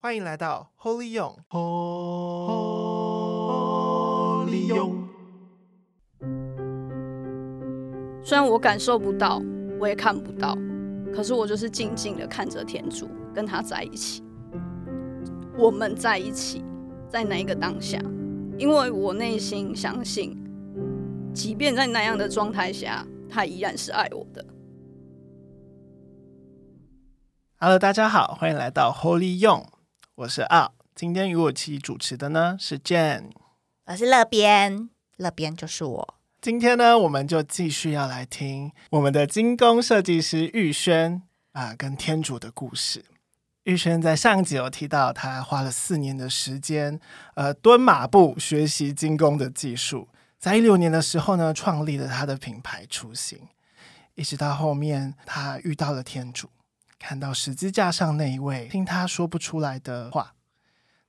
歡迎來到 Holy Young。Holy Ho, Ho, Young。雖然我感受不到，我也看不到，可是我就是靜靜的看着天主跟他在一起，我們在一起，在哪一個當下？因為我內心相信，即便在那樣的狀態下，他依然是愛我的。Hello，大家好，歡迎來到 Holy Young。我是二，今天與我一起主持的呢是 Jane，我是樂邊，樂邊就是我。今天呢，我們就繼續要來聽我們的金工設計師鬱軒啊、呃，跟天主的故事。鬱軒在上一集有提到，她花了四年的時間，呃，蹲馬步學習金工的技術，在一六年的時候呢，創立了她的品牌雛形，一直到後面她遇到了天主。看到十字架上那一位，聽他說不出來的話。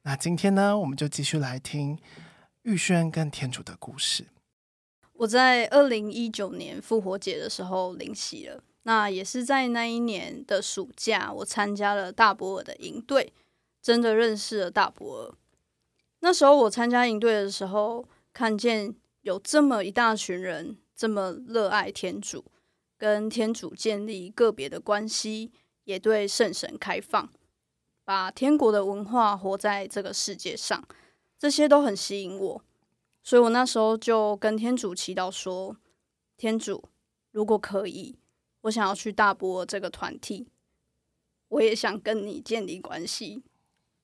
那今天呢，我們就繼續來聽郁軒跟天主的故事。我在二零一九年復活節的時候領洗了，那也是在那一年的暑假，我參加了大伯爾的營隊，真的認識了大伯爾。那時候我參加營隊的時候，看見有這麼一大群人這麼熱愛天主，跟天主建立個別的關係。也對聖神開放，把天國的文化活在這個世界上，這些都很吸引我，所以我那時候就跟天主祈禱說：“天主，如果可以，我想要去大伯這個團體，我也想跟你建立關係，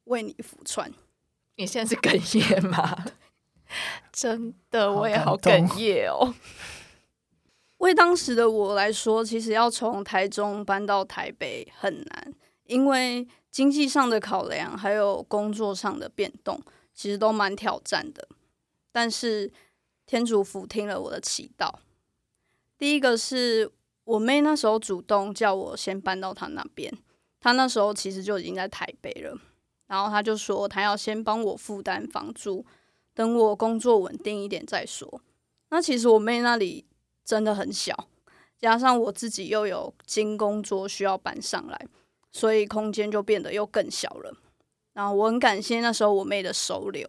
為你福傳。”你現在是哽咽嗎？ 真的，我也好哽咽哦。 對當時的我來說，其實要從台中搬到台北很難，因為經濟上的考量，還有工作上的變動，其實都蠻挑戰的。但是天主俯聽了我的祈禱，第一個是我妹那時候主動叫我先搬到她那邊，她那時候其實就已經在台北了，然後她就說她要先幫我負擔房租，等我工作穩定一點再說。那其實我妹那裡，真的很小，加上我自己又有金工桌需要搬上來，所以空間就變得又更小了。然後我很感謝那時候我妹的收留。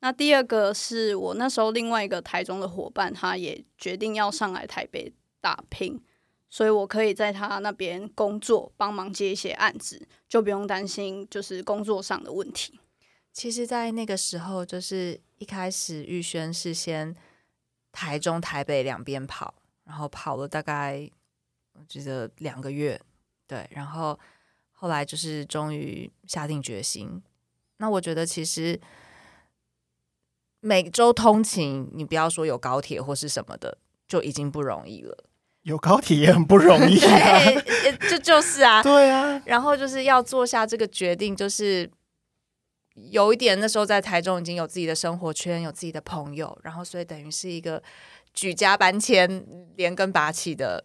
那第二個是我那時候另外一個台中的夥伴，他也決定要上來台北打拼，所以我可以在他那邊工作，幫忙接一些案子，就不用擔心就是工作上的問題。其實，在那個時候，就是一開始郁軒是先。台中、台北兩邊跑，然後跑了大概我記得兩個月，對，然後後來就是終於下定決心。那我覺得其實每週通勤，你不要說有高鐵或是什麼的，就已經不容易了，有高鐵也很不容易，啊，這 就，就是啊，對啊。然後就是要做下這個決定，就是。有一點，那時候在台中已經有自己的生活圈，有自己的朋友，然後所以等於是一個舉家搬遷、連根拔起的，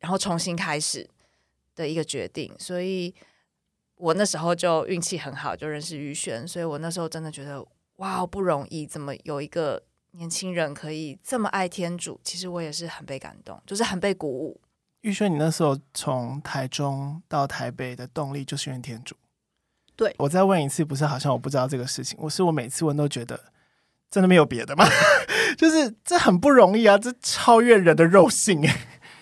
然後重新開始的一個決定。所以我那時候就運氣很好，就認識郁軒，所以我那時候真的覺得，哇，不容易，怎麼有一個年輕人可以這麼愛天主？其實我也是很被感動，就是很被鼓舞。郁軒，你那時候從台中到台北的動力就是因為天主。對，我再問一次，不是好像我不知道這個事情，我是我每次問都覺得真的沒有別的嗎？ 就是這很不容易啊，這超越人的肉性耶。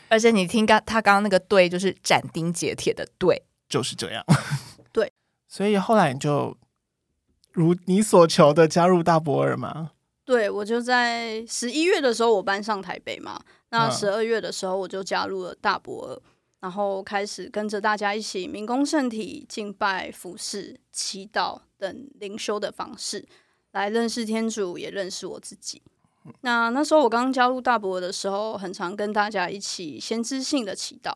而且你聽剛他剛剛那個對，就是斬釘截鐵的對，就是這樣， 對，所以後來你就如你所求的加入大博爾嗎？對，我就在十一月的時候我搬上台北嘛，那十二月的時候我就加入了大博爾。嗯然後開始跟着大家一起，明供聖體敬拜、服侍、祈禱等靈修的方式，來認識天主，也認識我自己。嗯、那那時候我剛加入大伯的時候，很常跟大家一起先知性的祈禱。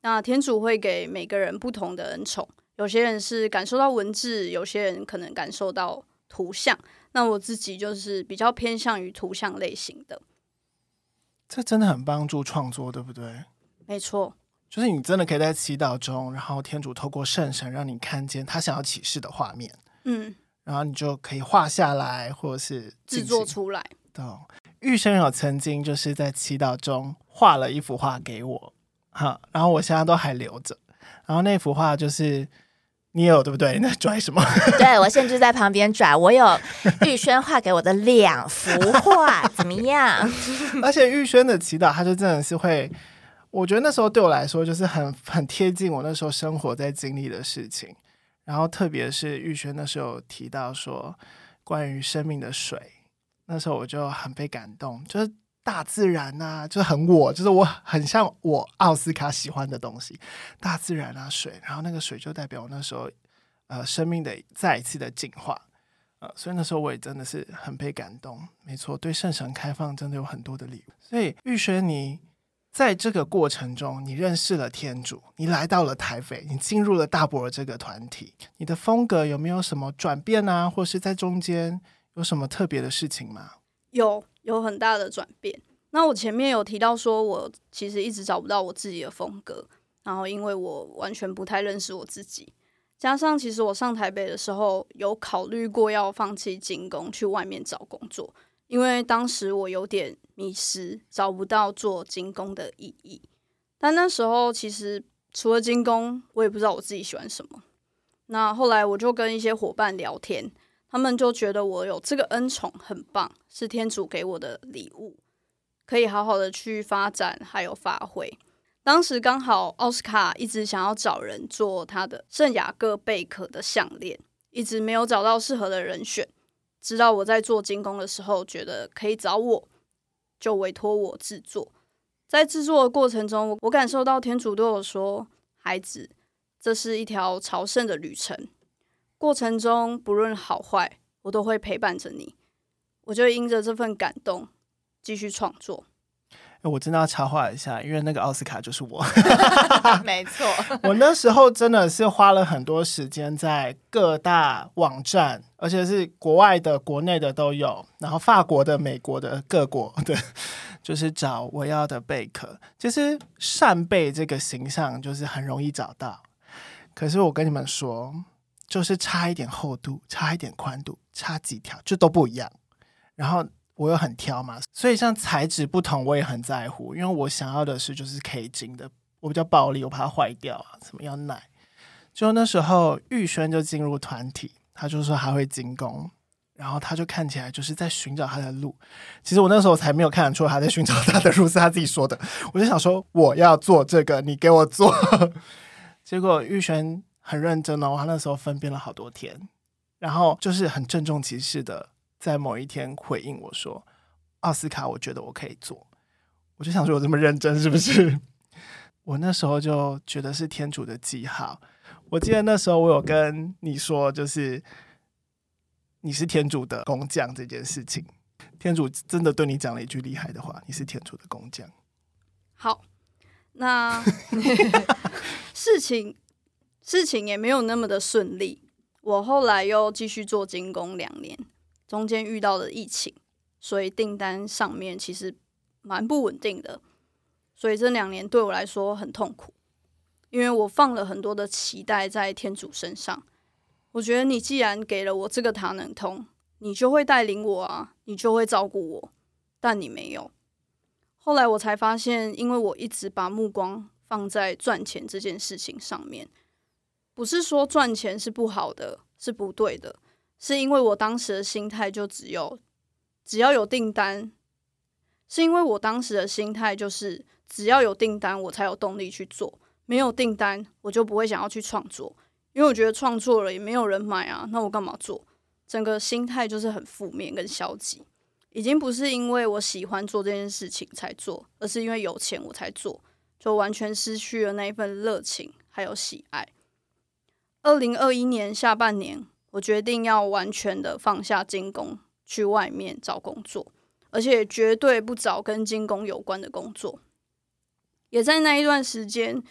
那天主會給每個人不同的恩寵，有些人是感受到文字，有些人可能感受到圖像。那我自己就是比較偏向於圖像類型的。這真的很幫助創作，對不對？沒錯。就是你真的可以在祈禱中，然後天主透過聖神讓你看見他想要啟示的畫面，嗯，然後你就可以畫下來，或者是制作出來。對，鬱軒有曾經就是在祈禱中畫了一幅畫給我，哈，然後我現在都還留着。然後那幅畫就是你有對不對？那拽什麼？對，我現在就在旁邊拽。我有鬱軒畫給我的兩幅畫， 怎麼樣？而且鬱軒的祈禱，他就真的是會。我覺得那時候對我來說就是很很貼近我那時候生活在經歷的事情，然後特別是郁軒那時候提到說關於生命的水，那時候我就很被感動，就是大自然吶、啊，就是很我，就是我很像我奧斯卡喜歡的東西，大自然啊水、然後那個水就代表我那時候呃生命的再一次的進化，呃，所以那時候我也真的是很被感動，沒錯，對聖神開放真的有很多的禮物，所以郁軒你。在這個過程中，你認識了天主，你來到了台北，你進入了大博爾這個團體。你的風格有沒有什麼轉變呢、啊？或者是在中間有什麼特別的事情嗎？有，有很大的轉變。那我前面有提到說，我其實一直找不到我自己的風格，然後因為我完全不太認識我自己，加上其實我上台北的時候有考慮過要放棄金工，去外面找工作，因為當時我有點，迷失，找不到做金工的意義。但那時候其實除了金工，我也不知道我自己喜歡什麼。那後來我就跟一些伙伴聊天，他們就覺得我有這個恩寵很棒，是天主給我的禮物，可以好好的去發展還有發揮。當時剛好奧斯卡一直想要找人做他的聖雅各貝殼的項鏈，一直沒有找到適合的人選，直到我在做金工的時候，覺得可以找我。就委託我製作，在製作的過程中，我我感受到天主對我說：“孩子，這是一條朝聖的旅程，過程中不論好壞，我都會陪伴着你。”我就因着這份感動繼續創作。我真的要插話一下，因為那個奧斯卡就是我。 沒錯，我那時候真的是花了很多時間在各大網站。而且是國外的，國內的都有，然後法國的，美國的，各國的，就是找我要的貝殼。其實扇貝這個形象，就是很容易找到，可是我跟你們說，就是差一點厚度，差一點寬度，差幾條就都不一樣。然後我又很挑嘛，所以像材質不同我也很在乎，因為我想要的是就是 K 金的，我比較暴力，我怕它壞掉啊，怎麼要耐？就那時候郁軒就進入團體。他就說還會金工，然後他就看起來就是在尋找他的路。其實我那時候才沒有看出他在尋找他的路，是他自己說的。我就想說，我要做這個，你給我做。結果鬱軒很認真哦，他那時候分辨了好多天，然後就是很鄭重其事的在某一天回應我說：“奧斯卡，我覺得我可以做。”我就想說，我這麼認真是不是？我那時候就覺得是天主的記號。我記得那時候我有跟你說，就是你是天主的工匠這件事情，天主真的對你講了一句厲害的話，你是天主的工匠。好，那 事情事情也沒有那麼的順利，我後來又繼續做金工兩年，中間遇到了疫情，所以訂單上面其實蠻不穩定的，所以這兩年對我來說很痛苦。因為我放了很多的期待在天主身上，我覺得你既然給了我這個塔冷通，你就會帶領我啊，你就會照顧我。但你沒有。後來我才發現，因為我一直把目光放在賺錢這件事情上面，不是說賺錢是不好的，是不對的，是因為我當時的心態就只有，只要有訂單，是因為我當時的心態就是只要有訂單，我才有動力去做。沒有訂單，我就不會想要去創作，因為我覺得創作了也沒有人買啊，那我幹嘛做？整個心態就是很負面跟消極，已經不是因為我喜歡做這件事情才做，而是因為有錢我才做，就完全失去了那一份熱情還有喜愛。二零二一年下半年，我決定要完全的放下金工，去外面找工作，而且絕對不找跟金工有關的工作。也在那一段時間。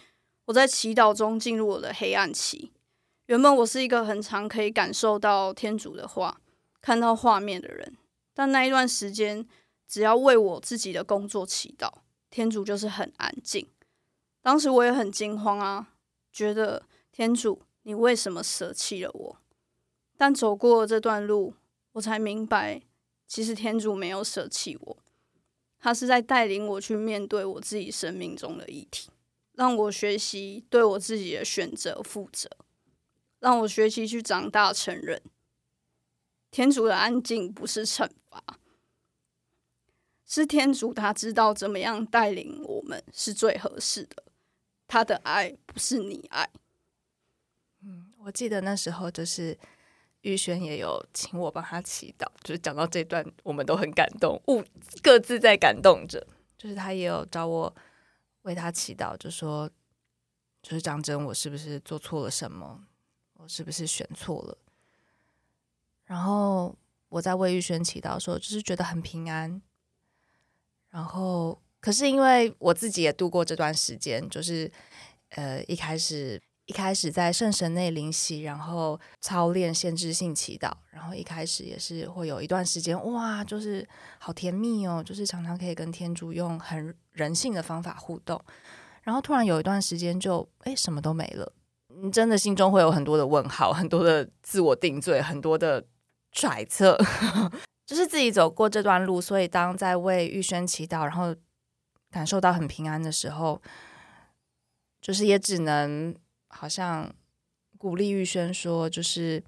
我在祈禱中進入我的黑暗期。原本我是一個很常可以感受到天主的話、看到畫面的人，但那一段時間，只要為我自己的工作祈禱，天主就是很安靜。當時我也很驚慌啊，覺得天主你為什麼捨棄了我？但走過這段路，我才明白，其實天主沒有捨棄我，他是在帶領我去面對我自己生命中的議題。讓我學習對我自己的選擇負責，讓我學習去長大成人。天主的安靜不是懲罰，是天主他知道怎麼樣帶領我們是最合適的。他的愛不是溺愛。嗯，我記得那時候就是郁軒也有請我幫他祈禱，就是講到這段，我們都很感動，兀各自在感動着。就是他也有找我。為他祈禱，就說，就是講真，我是不是做錯了什麼？我是不是選錯了？然後我在為郁軒祈禱，說，就是覺得很平安。然後，可是因為我自己也度過這段時間，就是呃，一開始。一開始在聖神內靈洗，然後操練限制性祈禱，然後一開始也是會有一段時間，哇，就是好甜蜜哦，就是常常可以跟天主用很人性的方法互動。然後突然有一段時間就哎，什麼都沒了，你真的心中會有很多的問號，很多的自我定罪，很多的揣測， 就是自己走過這段路，所以當在為郁軒祈禱，然後感受到很平安的時候，就是也只能。好像鼓勵郁軒說，就是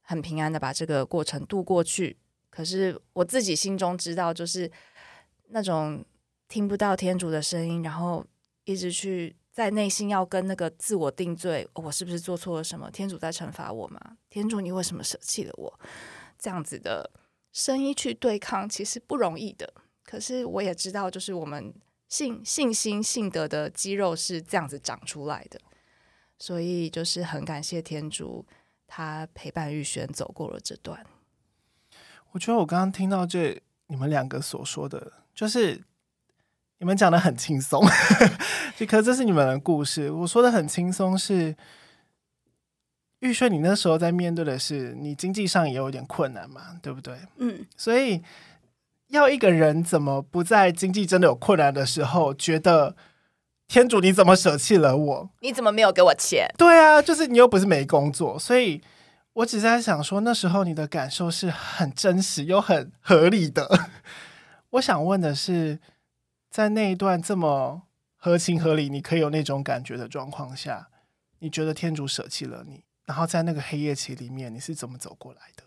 很平安的把這個過程度過去。可是我自己心中知道，就是那種聽不到天主的聲音，然後一直去在內心要跟那個自我定罪：哦、我是不是做錯了什麼？天主在懲罰我嗎？天主，你為什麼捨棄了我？這樣子的聲音去對抗，其實不容易的。可是我也知道，就是我們信信心、信德的肌肉是這樣子長出來的。所以就是很感謝天主，他陪伴郁軒走過了這段。我覺得我剛剛聽到這你們兩個所說的，就是你們講的很輕鬆，這 可是這是你們的故事。我說的很輕鬆是，郁軒，你那時候在面對的是你經濟上也有點困難嘛，對不對？嗯，所以要一個人怎麼不在經濟真的有困難的時候覺得？天主，你怎麼捨棄了我？你怎麼沒有給我錢？對啊，就是你又不是沒工作，所以我只是在想說，那時候你的感受是很真實又很合理的。 我想問的是，在那一段這麼合情合理、你可以有那種感覺的狀況下，你覺得天主捨棄了你？然後在那個黑夜期裡面，你是怎麼走過來的？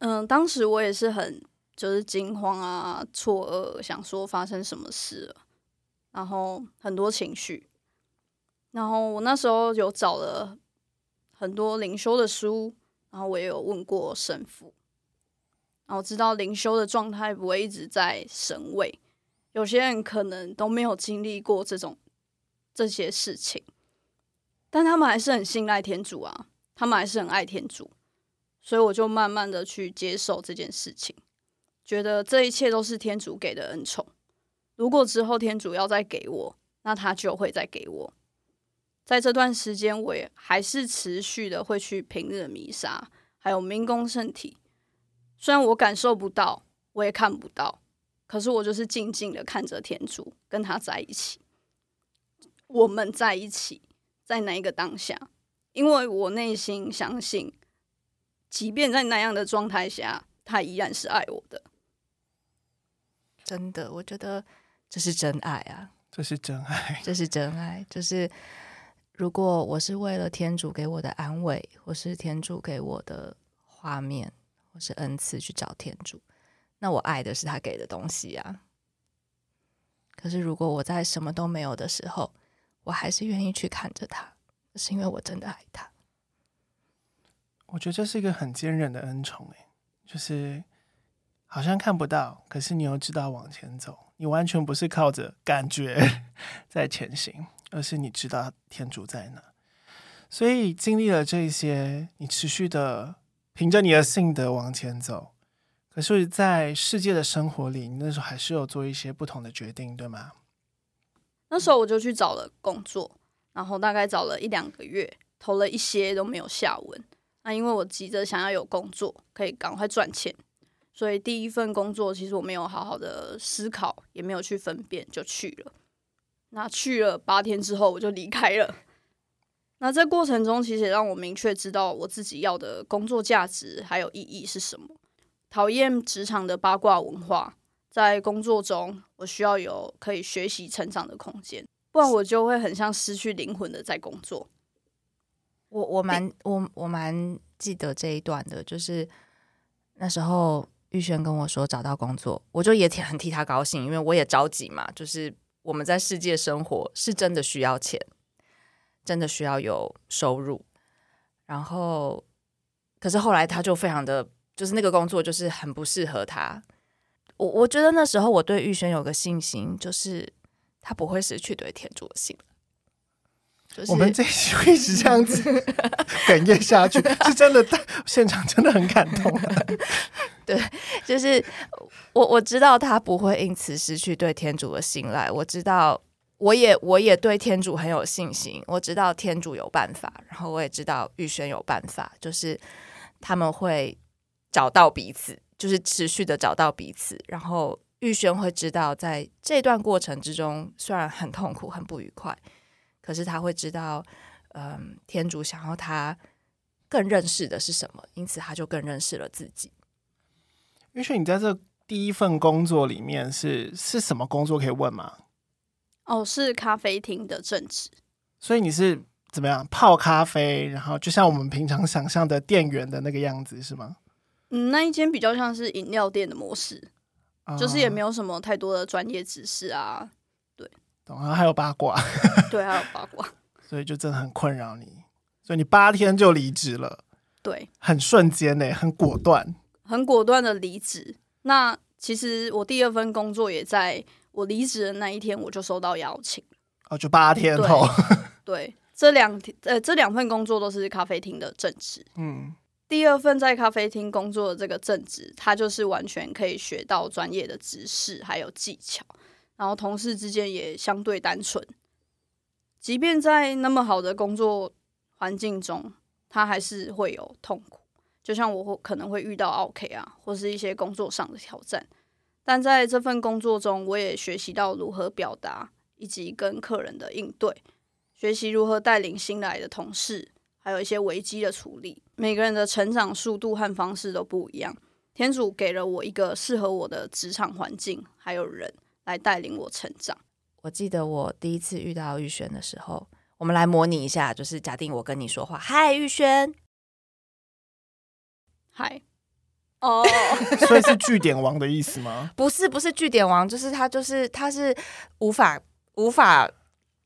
嗯，當時我也是很就是驚慌啊、錯愕，想說發生什麼事了。然後很多情緒，然後我那時候有找了很多靈修的書，然後我也有問過神父，然後知道靈修的狀態不會一直在神慰，有些人可能都沒有經歷過這種這些事情，但他們還是很信賴天主啊，他們還是很愛天主，所以我就慢慢的去接受這件事情，覺得這一切都是天主給的恩寵。如果之後天主要再給我，那他就會再給我。在這段時間，我也還是持續的會去平日彌撒，還有明供聖體。雖然我感受不到，我也看不到，可是我就是靜靜的看着天主，跟他在一起，我們在一起，在那一個當下，因為我內心相信，即便在那樣的狀態下，他依然是愛我的。真的，我覺得。這是真愛啊！這是真愛，這是真愛。就是，如果我是為了天主給我的安慰，或是天主給我的畫面，或是恩賜去找天主，那我愛的是他給的東西啊。可是，如果我在什麼都沒有的時候，我還是願意去看着他，是因為我真的愛他。我覺得這是一個很堅韌的恩寵、欸，誒，就是。好像看不到，可是你又知道往前走，你完全不是靠着感覺在前行，而是你知道天主在哪。所以經歷了這些，你持續的憑着你的信德往前走。可是，在世界的生活裡，你那時候還是有做一些不同的決定，對嗎？那時候我就去找了工作，然後大概找了一兩個月，投了一些都沒有下文。那因為我急着想要有工作，可以趕快賺錢。所以第一份工作，其實我沒有好好的思考，也沒有去分辨，就去了。那去了八天之後，我就離開了。那這過程中，其實也讓我明確知道我自己要的工作價值還有意義是什麼。討厭職場的八卦文化，在工作中，我需要有可以學習成長的空間，不然我就會很像失去靈魂的在工作。我我蠻，我我蠻記得這一段的，就是那時候。郁軒跟我說找到工作，我就也挺很替他高興，因為我也着急嘛。就是我們在世界生活是真的需要錢，真的需要有收入。然後，可是後來他就非常的，就是那個工作就是很不適合他。我我覺得那時候我對郁軒有個信心，就是他不會失去對天主的信。就是、我們這一期會，一直這樣子哽咽下去， 是真的，在現場真的很感動。 對，就是我我知道他不會因此失去對天主的信賴，我知道，我也我也對天主很有信心，我知道天主有辦法，然後我也知道郁軒有辦法，就是他們會找到彼此，就是持續的找到彼此，然後郁軒會知道，在這段過程之中，雖然很痛苦，很不愉快。可是他會知道，嗯，天主想要他更認識的是什麼，因此他就更認識了自己。因為你在這第一份工作裡面是是什麼工作？可以問嗎？哦，是咖啡廳的正職。所以你是怎麼樣泡咖啡？然後就像我們平常想象的店員的那個樣子是嗎？嗯，那一間比較像是飲料店的模式，啊，就是也沒有什麼太多的專業知識啊。然後、啊、還有八卦， 對，還有八卦。所以就真的很困擾你。所以你八天就離職了？對，很瞬間嘞，很果斷，很果斷的離職。那其實我第二份工作也在我離職的那一天，我就收到邀請，哦，就八天後。對，對這兩天呃，這兩份工作都是咖啡廳的正職。嗯，第二份在咖啡廳工作的這個正職，他就是完全可以學到專業的知識還有技巧。然後同事之間也相對單純，即便在那麼好的工作環境中，他還是會有痛苦。就像我可能會遇到奧客啊，或是一些工作上的挑戰。但在這份工作中，我也學習到如何表達，以及跟客人的應對，學習如何帶領新來的同事，還有一些危機的處理。每個人的成長速度和方式都不一樣。天主給了我一個適合我的職場環境，還有人。來帶領我成長。我記得我第一次遇到郁軒的時候，我們來模擬一下，就是假定我跟你說話：“嗨，郁軒，嗨，哦，所以是句點王的意思嗎？不是，不是句點王，就是他，就是他是無法無法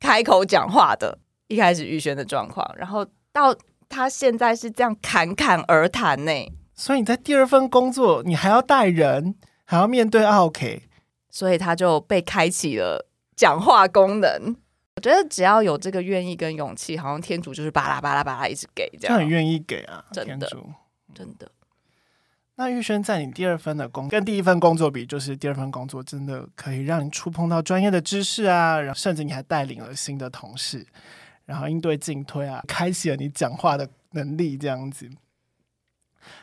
開口講話的。一開始郁軒的狀況，然後到他現在是這樣侃侃而談呢。所以你在第二份工作，你還要帶人，還要面對奧客。”所以他就被開啟了講話功能。我覺得只要有這個願意跟勇氣，好像天主就是巴拉巴拉巴拉一直給這樣，很願意給啊，真的天主真的。那郁軒在你第二份的工跟第一份工作比，就是第二份工作真的可以讓你觸碰到專業的知識啊，然後甚至你還帶領了新的同事，然後應對進退啊，開啟了你講話的能力這樣子。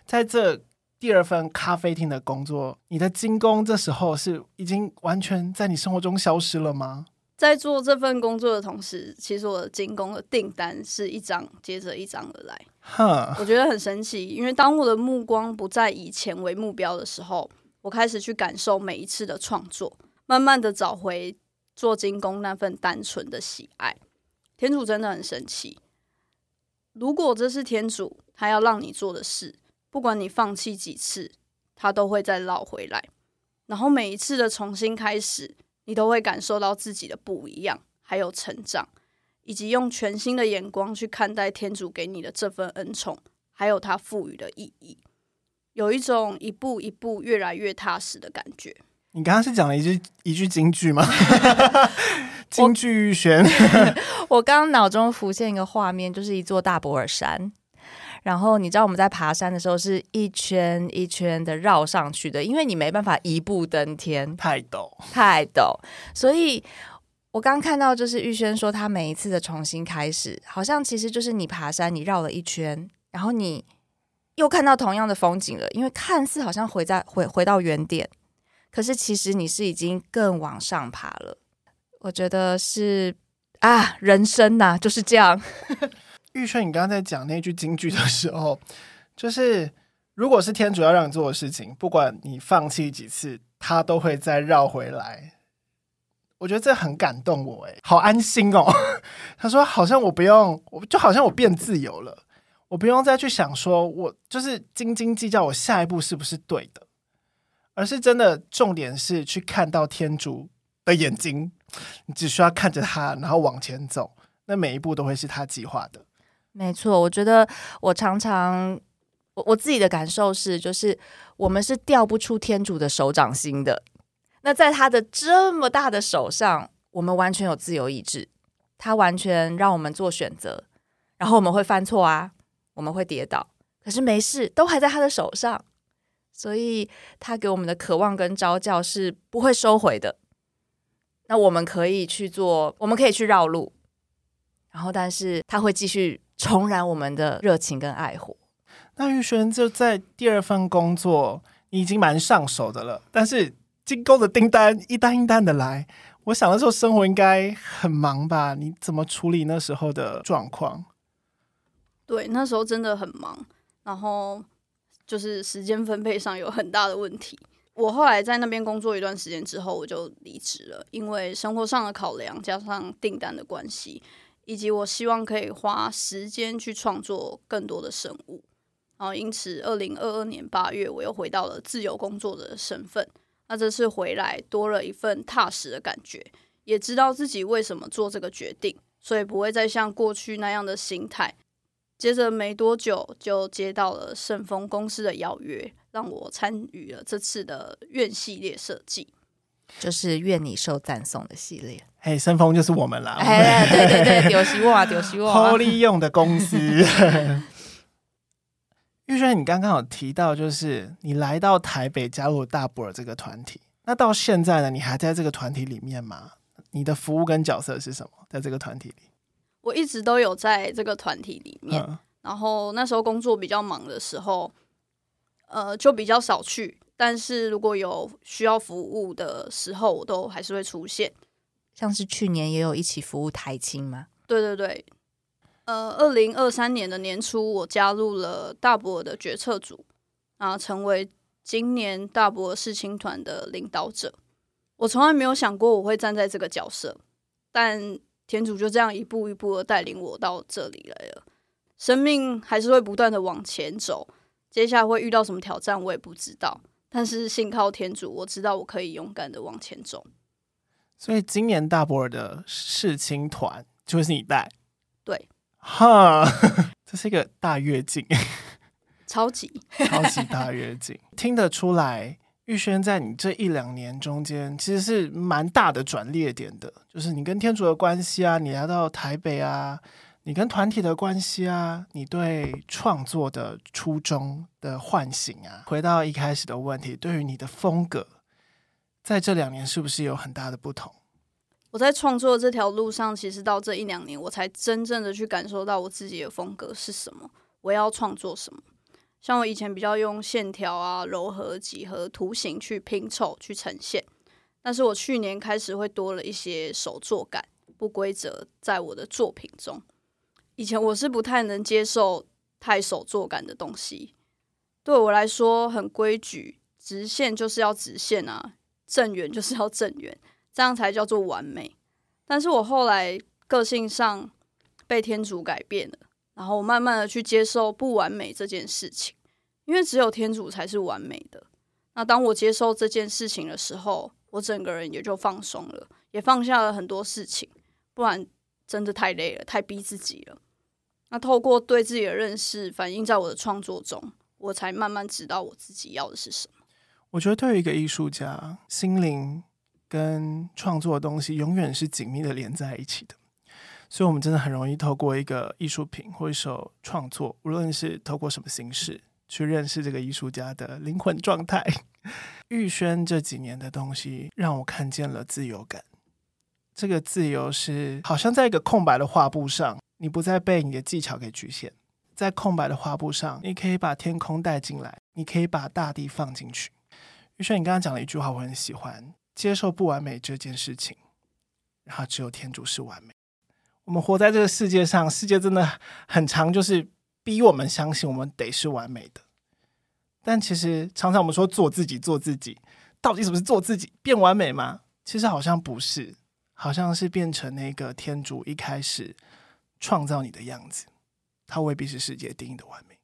在這第二份咖啡廳的工作，你的金工這時候是已經完全在你生活中消失了嗎？在做這份工作的同時，其實我的金工的訂單是一張接着一張的來，huh. 我覺得很神奇。因為當我的目光不再以錢為目標的時候，我開始去感受每一次的創作，慢慢的找回做金工那份單純的喜愛。天主真的很神奇。如果這是天主他要讓你做的事。不管你放棄幾次，它都會再繞回來。然後每一次的重新開始，你都會感受到自己的不一樣，還有成長，以及用全新的眼光去看待天主給你的這份恩寵，還有他賦予的意義，有一種一步一步越來越踏實的感覺。你剛剛是講了一句一句金句嗎？金句郁軒。 我剛，剛腦中浮現一個畫面，就是一座大博爾山。然後你知道我們在爬山的時候是一圈一圈的繞上去的，因為你沒辦法一步登天，太陡，太陡。所以我剛看到就是郁軒說他每一次的重新開始，好像其實就是你爬山，你繞了一圈，然後你又看到同樣的風景了，因為看似好像回在回回到原點，可是其實你是已經更往上爬了。我覺得是啊，人生吶，啊，就是這樣。 郁軒，你剛剛在講那句金句的時候，就是如果是天主要讓你做的事情，不管你放棄幾次，他都會再繞回來。我覺得這很感動我，誒，好安心哦。他 說，好像我不用，我就好像我變自由了，我不用再去想說，說我就是斤斤計較，我下一步是不是對的？而是真的重點是去看到天主的眼睛，你只需要看着他，然後往前走，那每一步都會是他計劃的。沒錯，我覺得我常常，我我自己的感受是，就是我們是掉不出天主的手掌心的。那在他的這麼大的手上，我們完全有自由意志，他完全讓我們做選擇。然後我們會犯錯啊，我們會跌倒，可是沒事，都還在他的手上。所以他給我們的渴望跟召叫是不會收回的。那我們可以去做，我們可以去繞路。然後，但是他會繼續重燃我們的熱情跟愛火。那郁軒就在第二份工作你已經蠻上手的了，但是進夠的訂單一單一單的來。我想那時候，生活應該很忙吧？你怎麼處理那時候的狀況？對，那時候真的很忙，然後就是時間分配上有很大的問題。我後來在那邊工作一段時間之後，我就離職了，因為生活上的考量加上訂單的關係。以及我希望可以花時間去創作更多的生物，然後因此，二零二二年八月，我又回到了自由工作者的身份。那這次回來多了一份踏實的感覺，也知道自己為什麼做這個決定，所以不會再像過去那樣的心態。接着沒多久，就接到了聖豐公司的邀約，讓我參與了這次的院系列設計。就是願你受讚頌的系列，嘿，生風就是我們啦，哎，對對對，丟西瓜，丟西瓜，偷利用的公司。 鬱軒，你剛剛有提到，就是你來到台北加入大博爾這個團體，那到現在呢，你還在這個團體裡面嗎？你的服務跟角色是什麼？在這個團體裡，我一直都有在這個團體裡面，嗯、然後那時候工作比較忙的時候，呃，就比較少去。但是如果有需要服務的時候，我都還是會出現。像是去年也有一起服務台青嗎？對對對。呃，二零二三年的年初，我加入了大伯爾的決策組，然後成為今年大伯世青團的領導者。我從來沒有想過我會站在這個角色，但天主就這樣一步一步的帶領我到這裡來了。生命還是會不斷的往前走，接下來會遇到什麼挑戰，我也不知道。但是信靠天主，我知道我可以勇敢的往前走。所以今年大伯爾的世青團，就是你帶。對，哈，這是一個大躍進，超級超級大躍進。 聽得出來，郁軒，在你這一兩年中間，其實是蠻大的轉捩點的，就是你跟天主的關係啊，你來到台北啊。你跟團體的關係啊，你對創作的初衷的喚醒啊，回到一開始的問題，對於你的風格，在這兩年是不是有很大的不同？我在創作這條路上，其實到這一兩年，我才真正的去感受到我自己的風格是什麼，我要創作什麼。像我以前比較用線條啊、柔和、幾何圖形去拼湊去呈現，但是我去年開始會多了一些手作感，不規則在我的作品中。以前我是不太能接受太手作感的東西，對我來說很規矩，直線就是要直線啊，正圓就是要正圓，這樣才叫做完美。但是我後來個性上被天主改變了，然後我慢慢的去接受不完美這件事情，因為只有天主才是完美的。那當我接受這件事情的時候，我整個人也就放鬆了，也放下了很多事情，不然。真的太累了，太逼自己了。那透過對自己的認識，反映在我的創作中，我才慢慢知道我自己要的是什麼。我覺得對於一個藝術家，心靈跟創作的東西永遠是緊密的連在一起的。所以，我們真的很容易透過一個藝術品或一首創作，無論是透過什麼形式，去認識這個藝術家的靈魂狀態。 郁軒這幾年的東西，讓我看見了自由感。這個自由是，好像在一個空白的畫布上，你不再被你的技巧給侷限，在空白的畫布上，你可以把天空帶進來，你可以把大地放進去。郁軒，你剛剛講了一句話，我很喜歡，接受不完美這件事情，然後只有天主是完美。我們活在這個世界上，世界真的很常，就是逼我們相信我們得是完美的。但其實常常我們說做自己，做自己，到底什麼是做自己？變完美嗎？其實好像不是。好像是變成那個天主一開始創造你的樣子，他未必是世界定義的完美。